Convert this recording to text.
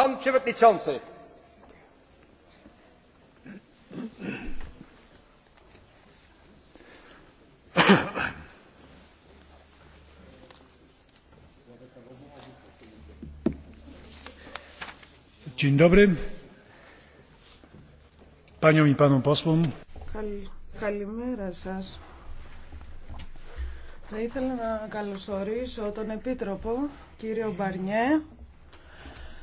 Pan Przewodniczący. Dzień dobry. Paniom i panom posłom. Καλημέρα σας. Θα ήθελα να καλωσορίσω τον Επίτροπο, κύριο Μπαρνιέ,